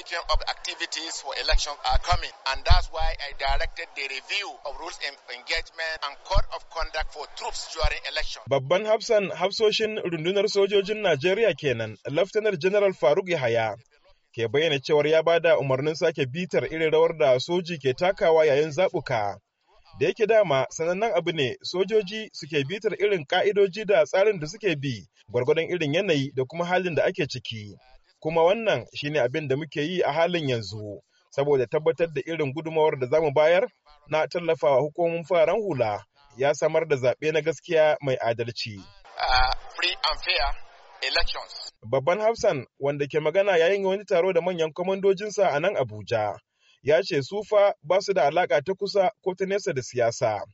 monitoring of activities for elections are coming, and that's why I directed the review of rules of engagement and code of conduct for troops during elections. Babban hafsan hafsoshin rundunar sojojin Najeriya kenan, Laftanar General Faruk Yahaya. ke bayyana cewar ya bada umarnin sake bitar irin rawar da soji ke takawa yayin zaɓuka. da yake dama sanannen abu ne sojoji suke bitar irin ka'idoji da tsarin da suke bi gwargwadon irin yanayi da kuma halin da ake ciki kuma wannan shine abin da muke yi a halin yanzu saboda tabbatar da irin gudumawar da zamu bayar na tallafawa hukumomin fararen hula ya samar da zaɓe na gaskiya mai adalci. Babban Hafsan wanda ke magana yayin wani taro da manyan kwamandojinsa a nan Abuja ya ce fa ba su da alaka ta kusa ko ta nesa da siyasa.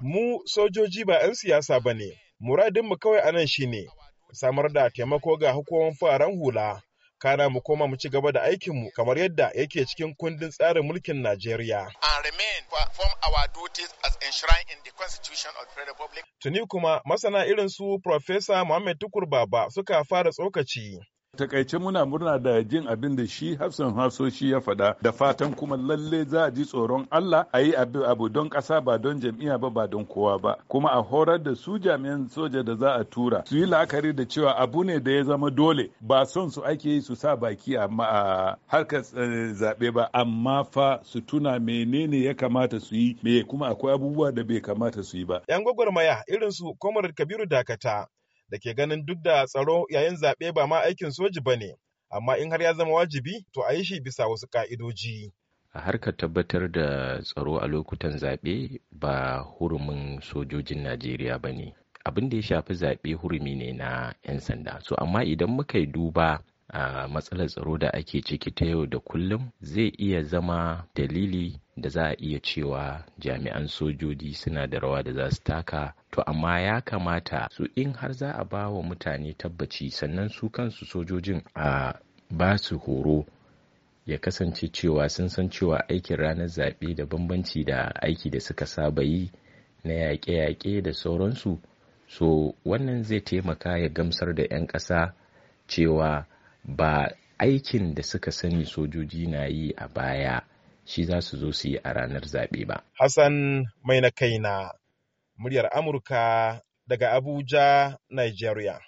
Mu sojoji ba 'yan siyasa ba ne, muradinmu kawai a nan ne. samar da taimako ga hukumomin fararen hula kana mu koma mu ci gaba da aikinmu kamar yadda yake cikin kundin tsarin mulkin Najeriya. Tuni kuma masana irin su Profesa Muhammad Tukur Baba suka fara tsokaci takaice muna murna da jin abin da shi hafsan hasoshi ya faɗa da fatan kuma lalle za a ji tsoron Allah a yi abu don ƙasa ba don jam'iyya ba ba don kowa ba kuma a horar da su jami'an soja da za a tura su yi la'akari da cewa abu ne da ya zama dole ba son su ake yi su sa baki a harkar eh, zaɓe ba amma fa su tuna menene ya kamata su yi me kuma akwai abubuwa da bai kamata su yi ba. 'Yan gwagwarmaya irin su Komar Kabiru Dakata da ke ganin duk da tsaro yayin zaɓe ba ma aikin soji ba ne, amma in har ya zama wajibi to a yi shi bisa wasu ƙa'idoji. A harkar tabbatar da tsaro a lokutan zaɓe ba hurumin sojojin Najeriya ba ne. Abin da ya shafi zaɓe hurumi ne na 'yan sanda. So, amma idan muka yi duba a matsalar tsaro da ake ciki ta yau da kullum zai iya zama dalili da za a iya cewa jami'an sojoji suna da rawa da za su taka to amma ya kamata su in har za a ba wa mutane tabbaci sannan su kansu sojojin a ba su horo ya kasance cewa sun san cewa aikin ranar zaɓe da bambanci da aiki da suka saba yi na yaƙe-yaƙe da sauransu so wannan zai taimaka ya gamsar da 'yan ƙasa cewa ba aikin da suka sani sojoji na yi a baya shi za su zo su yi a ranar zaɓe ba. Hassan mai na kai na muryar Amurka daga Abuja, Nigeria.